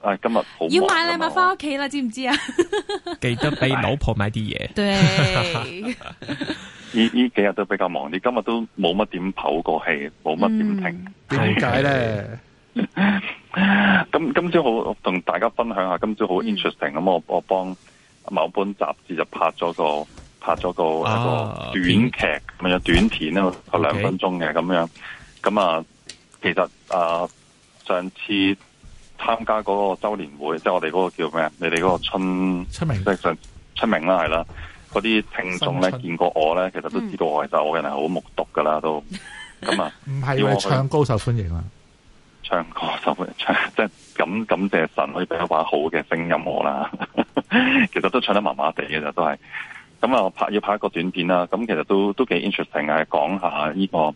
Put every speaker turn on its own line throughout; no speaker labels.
啊，今日好忙，要買禮物翻
屋企啦，知唔知啊？
記得俾老婆買啲嘢。對，呢呢幾日都比較忙啲，今日都冇乜點唞過氣，冇乜點停。點解咧？咁今朝好我同大家分享下，今朝好 interesting。咁我我幫某本雜誌就拍咗個拍咗個一個短劇，咁有短片啦，個兩分鐘嘅咁樣。咁啊，其實啊，上次。參加嗰個周年會，即係我哋嗰個叫咩啊？你哋嗰個春出名，即係上春名啦，係啦。嗰啲聽眾咧，見過我咧，其實都知道我係就、嗯、我係好目睹噶啦，都咁啊。唔係要唱
高受歡迎啊，
唱歌受歡迎，唱即係咁感謝神可以俾一把好嘅聲音我啦。其實都唱得麻麻地嘅，就都係咁啊。我拍要拍一個短片啦，咁其實都都幾 interesting 啊，講下呢、呢個。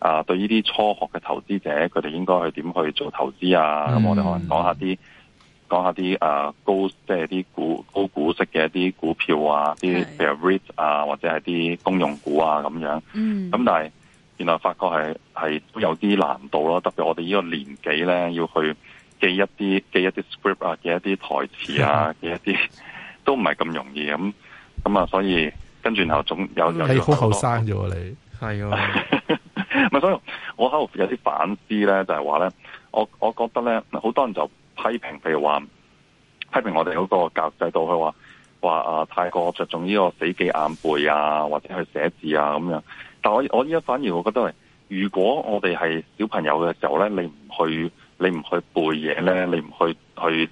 啊，對呢啲初學嘅投資者，佢哋應該去點去做投資啊？咁、嗯、我哋可能講下啲講下啲啊高，即係啲股高股息嘅一啲股票啊，啲譬如 REIT 啊，或者係啲公用股啊咁樣，嗯嗯。嗯。咁但係原來發覺係係都有啲難度咯、啊，特別我哋呢個年紀咧，要去記一啲記一啲 script 啊，記一啲台詞啊，啊記一啲都唔係咁容易咁。咁、嗯、啊、嗯，所以跟住然後總有有你好後
生啫，你
係啊。你 所以我喺度有啲反思咧，就係話咧，我我覺得咧，好多人就批評，譬如話批評我哋個教育制度，佢話話啊太過着重呢個死記硬背啊，或者去寫字啊咁樣。但我我依家，反而我覺得係，如果我哋係小朋友嘅時候咧，你唔去，你唔去背嘢咧，你唔去去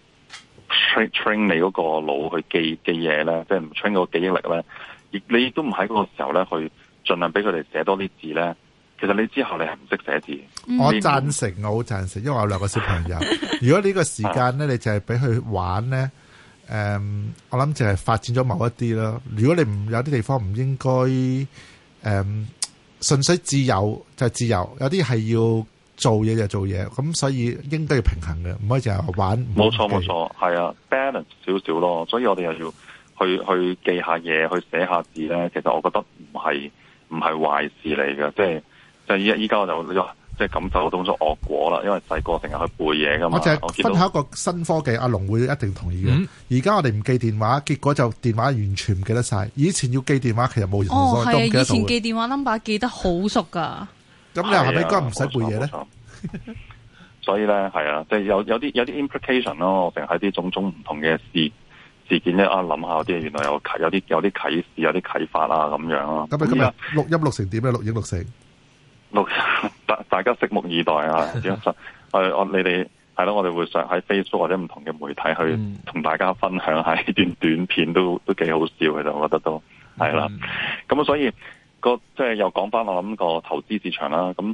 train train 你個腦去記記嘢咧，即係唔 train 個記憶力咧，亦你亦都唔喺個時候咧去盡量俾佢哋寫多啲字咧。其實你之後你係唔識寫字。嗯、
我贊成，我好贊成，因為我有兩個小朋友， 如果呢個時間咧，你淨係俾佢玩咧，誒、嗯，我諗淨係發展咗某一啲咯。如果你唔有啲地方唔應該，誒、嗯，純粹自由就係、是、自由，有啲係要做嘢就做嘢，咁所以應該要平衡嘅，唔可以淨係玩。冇錯冇
錯，係啊，balance 少少咯。所以我哋又要去去記下嘢，去寫下字咧。其實我覺得唔係唔係壞事嚟嘅，即係。就依家依家我就即係感受到咗惡果啦，因為細個成日去背嘢噶嘛。我係分享一
個新科技，阿龍、啊、會一定同意嘅。而家、嗯、我哋唔記電話，結果就電話完全唔記得晒。以前要記電話，其實冇人。係啊，以前記
電話 number 記得好熟噶。咁你係咪而家唔
使背嘢咧？
所以咧，係啊，即係有有啲有啲 implication 咯，我成日喺啲種種唔同嘅事事件咧。啊，諗下啲原來有啟有啲有啲啟示，有啲啟發啦。咁樣咯。咁啊，今日
錄音錄成點啊？錄影錄成？
六大 大家拭目以待啊！咁 我我你哋係咯，我哋會上喺 Facebook 或者唔同嘅媒體去同、嗯、大家分享，呢段短片都都幾好笑嘅，就我覺得都係啦。咁、嗯、所以個即係又講翻，我諗個投資市場啦，咁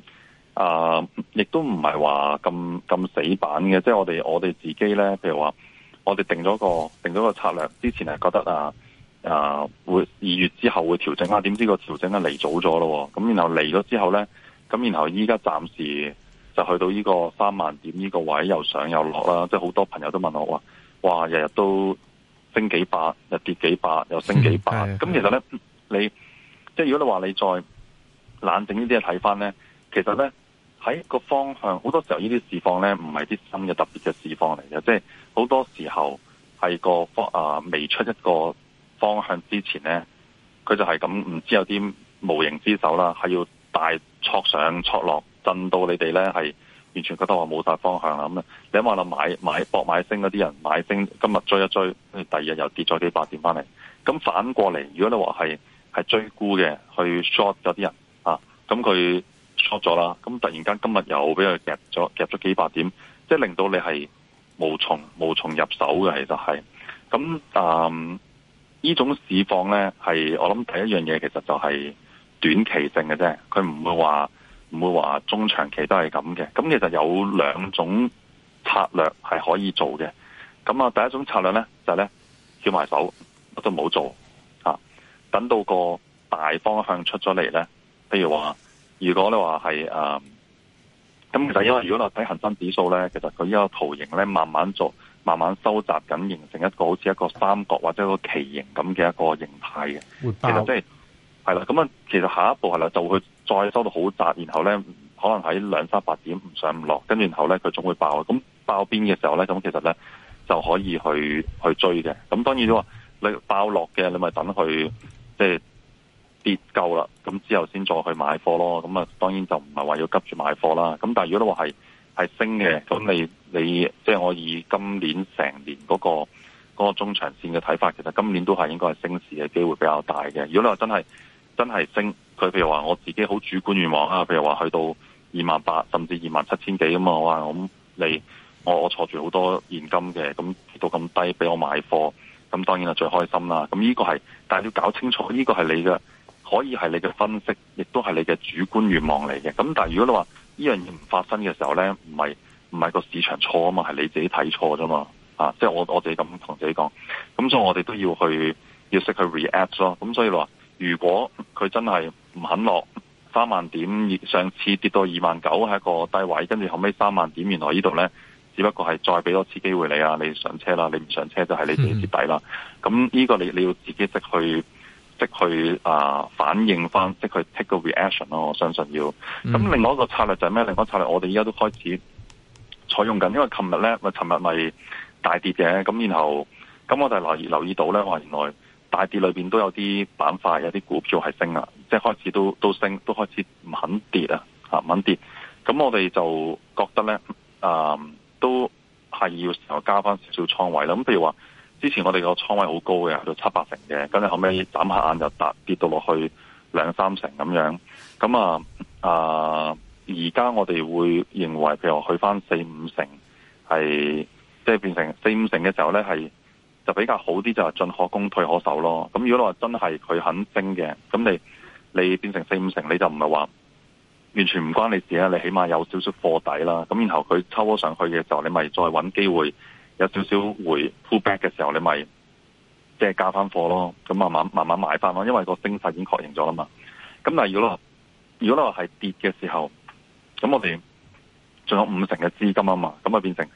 啊、呃，亦都唔係話咁咁死板嘅，即、就、係、是、我哋我哋自己咧，譬如話我哋定咗個定咗個策略，之前係覺得啊啊、呃、會二月之後會調整啊，點知個調整咧嚟早咗咯，咁然後嚟咗之後咧。咁然後依家暫時就去到呢個三萬點呢個位又上又落啦，即係好多朋友都問我話，嘩，日日都升幾百，又跌幾百，又升幾百。咁 其實咧， 你即係如果你話你再冷靜呢啲嘢睇翻咧，其實咧喺個方向好多時候況呢啲市況咧唔係啲新嘅特別嘅市況嚟嘅，即係好多時候係個方啊未出一個方向之前咧，佢就係咁唔知有啲無形之手啦，係要大。戳上戳落，震到你哋咧，係完全覺得話冇晒方向啦。咁你話啦，買買博買升嗰啲人買升，今日追一追，第二日又跌咗幾百點翻嚟。咁反過嚟，如果你話係係追沽嘅，去 short 咗啲人啊，咁佢 short 咗啦，咁突然間今日又俾佢夾咗，夾咗幾百點，即係令到你係無從無從入手嘅，其實係。咁啊，呢種市況咧，係我諗第一樣嘢，其實就係。短期性嘅啫，佢唔會話唔會話中長期都係咁嘅。咁其實有兩種策略係可以做嘅。咁啊，第一種策略咧就咧、是、叫埋手，乜都冇做、啊、等到個大方向出咗嚟咧，譬如話，如果你話係誒，咁、啊、其實因為如果你睇恒生指數咧，其實佢依個圖形咧，慢慢做，慢慢收集緊，形成一個好似一個三角或者一個旗形咁嘅一個形態嘅，爆其
實即、就、係、
是。係啦，咁啊，其實下一步係啦，就會再收到好窄，然後咧可能喺兩三百點唔上唔落，跟住然後咧佢總會爆，咁爆邊嘅時候咧，咁其實咧就可以去去追嘅。咁當然你話你爆落嘅，你咪等佢即係跌夠啦，咁之後先再去買貨咯。咁啊，當然就唔係話要急住買貨啦。咁但係如果你話係係升嘅，咁你你即係我以今年成年嗰個嗰個中長線嘅睇法，其實今年都係應該係升市嘅機會比較大嘅。如果你話真係。真係升，佢譬如話我自己好主觀願望啊，譬如話去到二萬八甚至二萬七千幾啊嘛，我話咁你我我坐住好多現金嘅，咁到咁低俾我買貨，咁當然係最開心啦。咁呢個係，但係要搞清楚，呢、呢個係你嘅可以係你嘅分析，亦都係你嘅主觀願望嚟嘅。咁但係如果你話呢樣嘢唔發生嘅時候呢，唔係唔係個市場錯啊嘛，係你自己睇錯啫嘛。啊，即、就、係、係、我我哋咁同自己講，咁所以我哋都要去要識去 react 咯。咁所以話，如果佢真係唔肯落三萬點，上次跌到二萬九係一個低位，跟住後尾三萬點，原來呢度咧，只不過係再俾多次機會你啊，你上車啦，你唔上車就係你自己蝕底啦。咁呢、嗯、個你你要自己即去即去啊，反應翻即去 take 個 reaction 咯，我相信要。咁、嗯、另外一個策略就係咩？另外一個策略我哋依家都開始採用緊，因為琴日咧，咪琴日咪大跌嘅，咁然後咁我就留意留意到咧，我話原來。大跌裏邊都有啲板塊，有啲股票係升啦，即係開始都都升，都開始唔肯跌啊，唔肯跌。咁、啊、我哋就覺得咧，啊，都係要時候加翻少少倉位啦。咁譬如話，之前我哋個倉位好高嘅，去到七八成嘅，咁你後尾眨下眼就跌跌到落去兩三成咁樣。咁啊啊，而、啊、家我哋會認為，譬如話去翻四五成，係即係變成四五成嘅時候咧，係。就比較好啲，就係進可攻退可守咯。咁如果你話真係佢肯升嘅，咁你你變成四五成，你就唔係話完全唔關你事啦。你起碼有少少貨底啦。咁然後佢抽咗上去嘅時候，你咪再揾機會有少少回 pull back 嘅時候，你咪即係加翻貨咯。咁慢慢慢慢買翻咯。因為個升勢已經確認咗啦嘛。咁但係如果你話，如果你話係跌嘅時候，咁我哋仲有五成嘅資金啊嘛。咁啊變成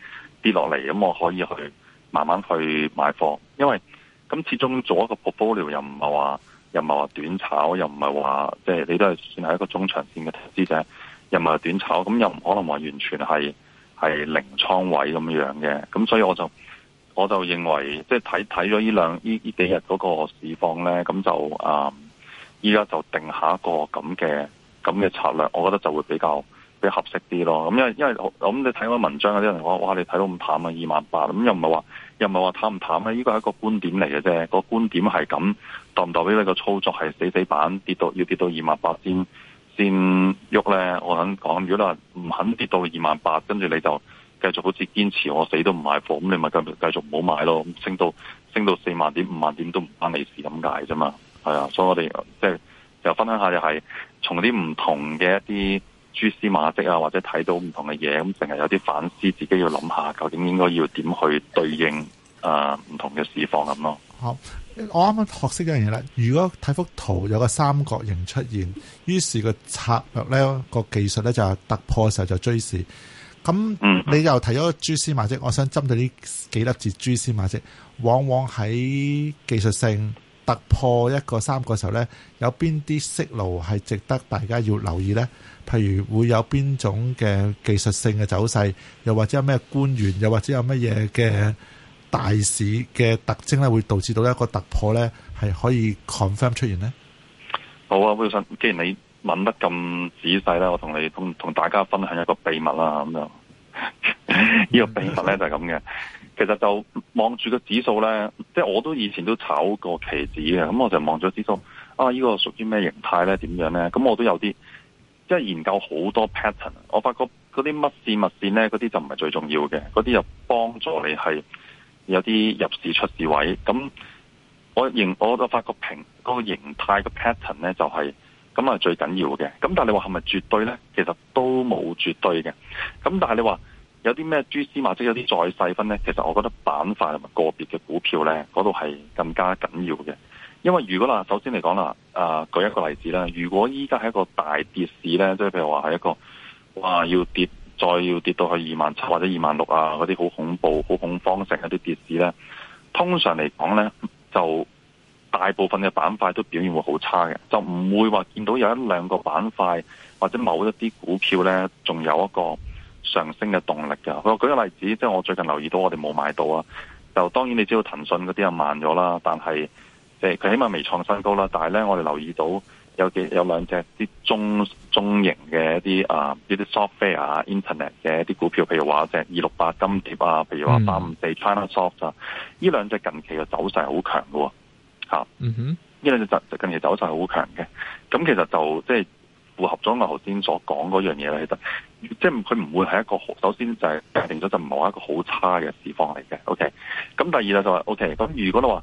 跌落嚟，咁我可以去。慢慢去買貨，因為咁始終做一個 portfolio 又唔係話又唔係話短炒，又唔係話即係你都係算係一個中長線嘅投資者，又唔係話短炒，咁又唔可能話完全係係零倉位咁樣嘅，咁所以我就我就認為即係睇睇咗呢兩呢幾日嗰個市況咧，咁就啊依家就定下一個咁嘅咁嘅策略，我覺得就會比較。比較合適啲咯，咁因為因為咁、嗯、你睇我文章嗰啲人講，哇你睇到咁淡啊二萬八，咁又唔係話又唔係話淡唔淡咧、啊？呢個係一個觀點嚟嘅啫，個觀點係咁，代唔代表你個操作係死死板跌到要跌到二萬八先先喐咧？我想講，如果你話唔肯跌到二萬八，跟住你就繼續好似堅持我死都唔買貨，咁你咪繼繼續唔好買咯，咁升到升到四萬點五萬點都唔關你事咁解啫嘛，係啊，所以我哋即係又分享下，又係從啲唔同嘅一啲。蛛絲馬跡啊，或者睇到唔同嘅嘢，咁淨係有啲反思，自己要諗下，究竟應該要點去對應啊呃，唔同嘅市況咁咯。
好，我啱啱學識一樣嘢咧，如果睇幅圖有個三角形出現，於是個策略咧，個技術咧就係突破嘅時候，就追市。咁你又提咗個蛛絲馬跡，我想針對呢幾粒字蛛絲馬跡，往往喺技術性突破一個三個時候咧，有邊啲息路係值得大家要留意咧？譬如會有邊種嘅技術性嘅走勢，又或者有咩官員，又或者有乜嘢嘅大市嘅特徵咧，會導致到一個突破咧，係可以 confirm 出現咧？
好啊，Wilson 既然你問得咁仔細啦，我同你同同大家分享一個秘密啦，咁就呢個秘密咧就係咁嘅。其實就望住個指數咧，即係我都以前都炒過期指嘅，咁我就望咗指數啊，這個、屬於呢個屬於咩形態咧？點樣咧？咁我都有啲即係研究好多 pattern，我發覺嗰啲乜綫、乜綫咧，嗰啲就唔係最重要嘅，嗰啲又幫助你係有啲入市、出市位。咁我形我就發覺平嗰、那個形態個 pattern 咧，就是，就係咁啊最緊要嘅。咁但係你話係咪絕對咧？其實都冇絕對嘅。咁但係你話。有啲咩蛛絲馬跡，有啲再細分呢？其實我覺得板塊同埋個別嘅股票呢，嗰度係更加緊要嘅。因為如果啦，首先嚟講啦，誒、啊，舉一個例子啦，如果依家係一個大跌市呢，即係譬如話係一個哇，要跌再要跌到去二萬七或者二萬六啊嗰啲好恐怖、好恐慌性一啲跌市呢，通常嚟講呢，就大部分嘅板塊都表現會好差嘅，就唔會話見到有一兩個板塊或者某一啲股票呢，仲有一個。上升嘅動力噶，我舉個例子，即係我最近留意到我哋冇買到啊。就當然你知道騰訊嗰啲啊慢咗啦，但係即係佢起碼未創新高啦。但係咧我哋留意到有幾有兩隻啲中中型嘅一啲啊呢啲 software、啊、internet 嘅一啲股票，譬如話隻二六八金蝶啊，譬如話三五四 China Soft 啊，呢兩隻近期嘅走勢好強嘅，吓嗯哼，呢、mm hmm. 兩隻近期走勢好強嘅。咁、嗯、其實就即係。符合咗我頭先所講嗰樣嘢啦，其實即係佢唔會係一個好，首先就係界定咗就唔係一個好差嘅市況嚟嘅。OK，咁第二就係、是、OK。咁如果你話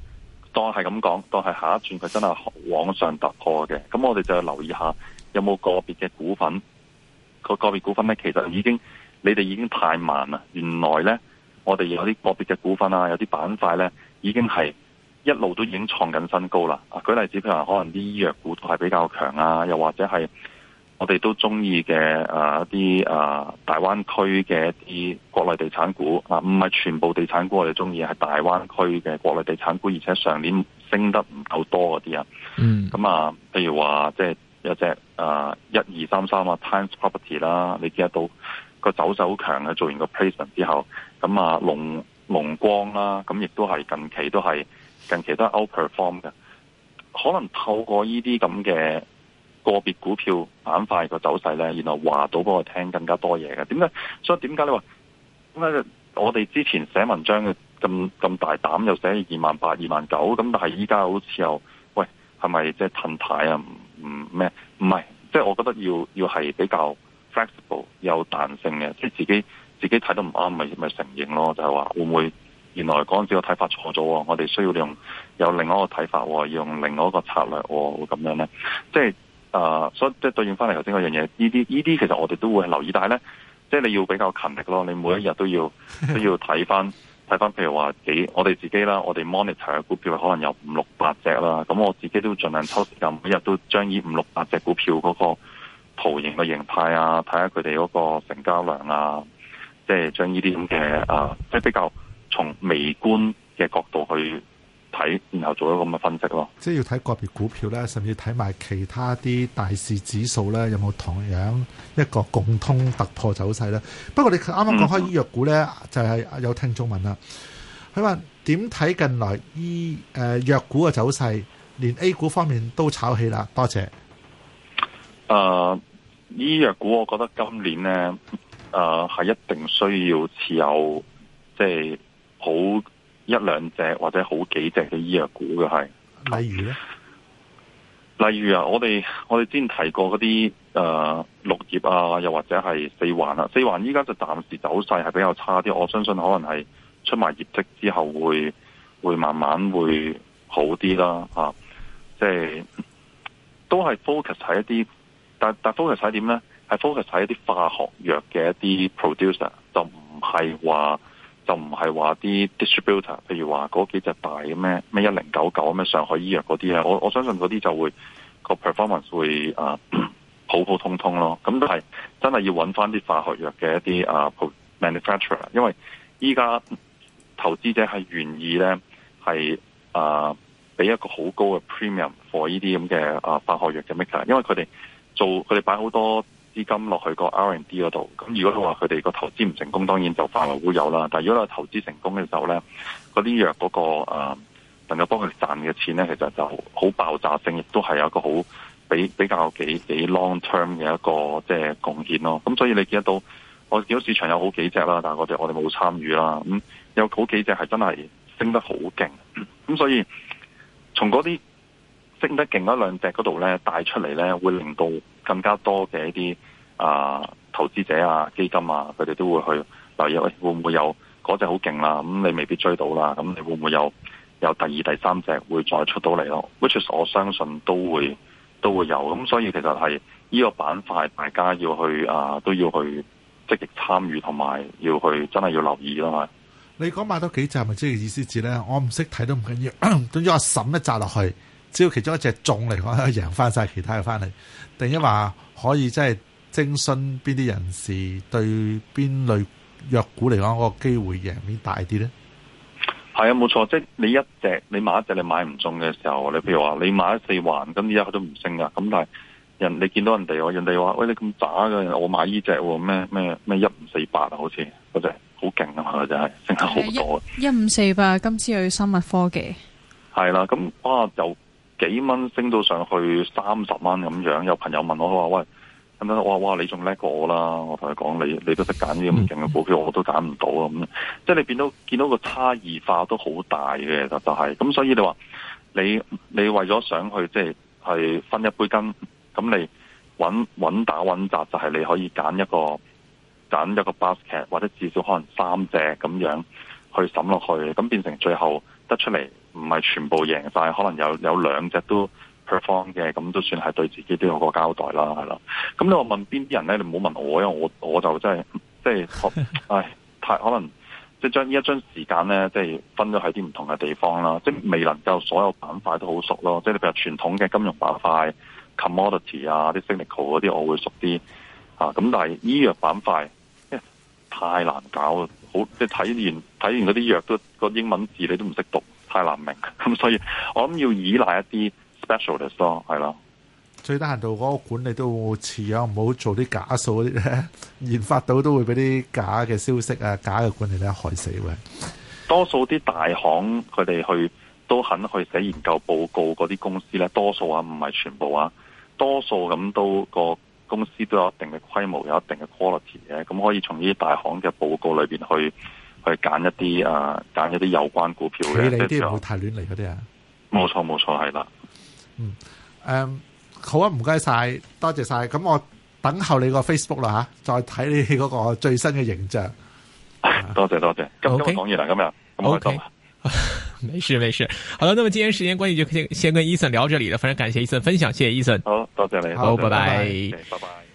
當係咁講，當係下一轉佢真係往上突破嘅，咁我哋就要留意下有冇個別嘅股份、那個個別股份咧，其實已經你哋已經太慢啦。原來咧，我哋有啲個別嘅股份啊，有啲板塊咧，已經係一路都已經創緊新高啦。啊，舉例子譬如話，可能啲醫藥股係比較強啊，又或者係。我哋都中意嘅啊，一啲啊，大灣區嘅一啲國內地產股啊，唔係全部地產股我哋中意，係大灣區嘅國內地產股，而且上年升得唔夠多嗰啲，嗯、啊。嗯、咁、就是、啊，譬如話，即係有隻啊，一二三三啊，Times Property 啦，你見得到個走走強嘅，做完個 placement 之後，咁啊，龍龍光啦，咁亦都係近期都係近期都係 outperform 嘅，可能透過呢啲咁嘅。個別股票板塊個走勢咧，原來話到俾我聽更加多嘢嘅。點解？所以點解你話點解？我哋之前寫文章嘅咁咁大膽，又寫二萬八、二萬九，咁但係依家好似又喂，係咪即係褪軚啊？唔唔咩？唔係，即係、就是、我覺得要要係比較 flexible、有彈性嘅，即、就、係、是、自己自己睇得唔啱，咪咪承認咯，就係、是、話會唔會原來嗰陣時個睇法錯咗喎？我哋需要用有另外一個睇法，要用另外一個策略，會、哦、咁樣咧，即係。啊、呃！所以即係對應翻嚟頭先嗰樣嘢，呢啲呢啲其實我哋都會留意，但係咧，即係你要比較勤力咯。你每一日都要都要睇翻睇翻，譬如話幾，我哋自己啦，我哋 monitor 嘅股票可能有五六百隻啦。咁我自己都盡量抽時間，每日都將呢五六百隻股票嗰個圖形嘅形態啊，睇下佢哋嗰個成交量啊，即係將呢啲咁嘅啊，即係比較從微觀嘅角度去。睇，然後做一個咁嘅分析咯。
即係要睇個別股票咧，甚至睇埋其他啲大市指數咧，有冇同樣一個共通突破走勢咧？不過你啱啱講開醫藥股咧，嗯、就係有聽眾問啦。佢話點睇近來醫誒藥、呃、股嘅走勢，連 A 股方面都炒起啦。多謝。
誒、呃，醫藥股我覺得今年咧，誒、呃、係一定需要持有，即係好。一兩隻或者好幾隻嘅醫藥股嘅係，
例如咧，
例如啊，我哋我哋之前提過嗰啲誒綠葉啊，又或者係四環啊，四環依家就暫時走勢係比較差啲，我相信可能係出埋業績之後會會慢慢會好啲啦，嚇，啊，即係都係 focus 喺一啲，但但 focus 喺點咧？係 focus 喺一啲化學藥嘅一啲 producer，就唔係話。就唔係話啲 distributor，譬如話嗰幾隻大咩咩一零九九咩上海醫藥嗰啲咧，我我相信嗰啲就會個 performance 會啊普普通通咯。咁都係真係要揾翻啲化學藥嘅一啲啊、uh, manufacturer，因為依家投資者係願意咧係啊俾一個好高嘅 premium for 呢啲咁嘅啊化學藥嘅 maker，因為佢哋做佢哋擺好多。資金落去個 R&D 嗰度，咁如果佢話佢哋個投資唔成功，當然就化為烏有啦。但係如果你投資成功嘅時候咧，嗰啲藥嗰個誒、啊、能夠幫佢賺嘅錢咧，其實就好爆炸性，亦都係有一個好比比較幾幾 long term 嘅一個即係貢獻咯。咁、就是、所以你見得到，我見到市場有好幾隻啦，但係我哋我哋冇參與啦。咁有好幾隻係真係升得好勁，咁所以從嗰啲。升得勁嗰兩隻嗰度咧，帶出嚟咧，會令到更加多嘅一啲啊，投資者啊、基金啊，佢哋都會去留意。喂、哎，會唔會有嗰隻好勁啦？咁、啊嗯、你未必追到啦。咁、嗯、你會唔會有有第二、第三隻會再出到嚟咯？which is 我相信都會都會有咁。所以其實係呢個板塊，大家要去啊，都要去積極參與，同埋要去真係要留意咯、啊。
你講買多幾隻咪即係意思指咧？我唔識睇都唔緊要，總之我審一紮落去。只要其中一隻中嚟講，贏翻曬其他嘅翻嚟，定一話可以即係徵詢邊啲人士對邊類藥股嚟講，嗰個機會贏面大啲咧？
係啊，冇錯，即係你一隻你買一隻你買唔中嘅時候，你譬如話你買一四環，咁依家佢都唔升噶，咁但係人你見到人哋喎，人哋話喂，你咁渣嘅，我買呢隻喎咩咩咩一五四八好厲啊，好似嗰隻好勁啊嘛，就係升好多
一五四八金斯瑞生物科技
係啦，咁、啊啊、就～幾蚊升到上去三十蚊咁樣，有朋友問我話喂，等等，我話哇你仲叻過我啦！我同佢講，你你都識揀啲咁勁嘅股票，我都揀唔到啊！咁即係你變到見到個差異化都好大嘅，就係、是、咁。所以你話你你為咗想去即係、就是、分一杯羹，咁你穩穩打穩紮，就係、是、你可以揀一個揀一個 basket，或者至少可能三隻咁樣去審落去，咁變成最後得出嚟。唔係全部贏晒，可能有有兩隻都 perform 嘅，咁都算係對自己都有個交代啦，係啦。咁你話問邊啲人咧？你唔好問我，因為我我就真係即係，唉、哎，太可能即係將呢一張時間咧，即係分咗喺啲唔同嘅地方啦。即係未能夠所有板塊都好熟咯。即係你譬如傳統嘅金融板塊 commodity 啊，啲 cyclical 嗰啲，我會熟啲嚇。咁、啊、但係醫藥板塊太難搞好，即睇完睇完嗰啲藥都、個英文字你都唔識讀。太難明，咁所以我諗要依賴一啲 specialist 咯，係咯。
最低限度嗰個管理都似樣，唔好做啲假數嗰啲咧。 研發到都會俾啲假嘅消息啊、假嘅管理咧害死㗎。
多數啲大行佢哋去都肯去寫研究報告，嗰啲公司咧多數啊，唔係全部啊，多數咁都個公司都有一定嘅規模，有一定嘅 quality 嘅，咁可以從呢啲大行嘅報告裏邊去。去揀一啲啊，揀一啲有關股票嘅，呢啲唔會
太亂嚟嗰啲啊。
冇錯冇錯，係啦。
嗯，誒，好啊，唔該晒，多謝晒。咁我等候你個 Facebook 啦吓，再睇你嗰個最新嘅形象。
多謝多謝，咁我講完啦，咁樣。O K，沒事冇事。好
了，那麼今天時間關係就先先跟 Eason 聊到這裏了，非常感謝 Eason 分享，謝謝 Eason。好，
多謝你。好，拜拜。拜拜。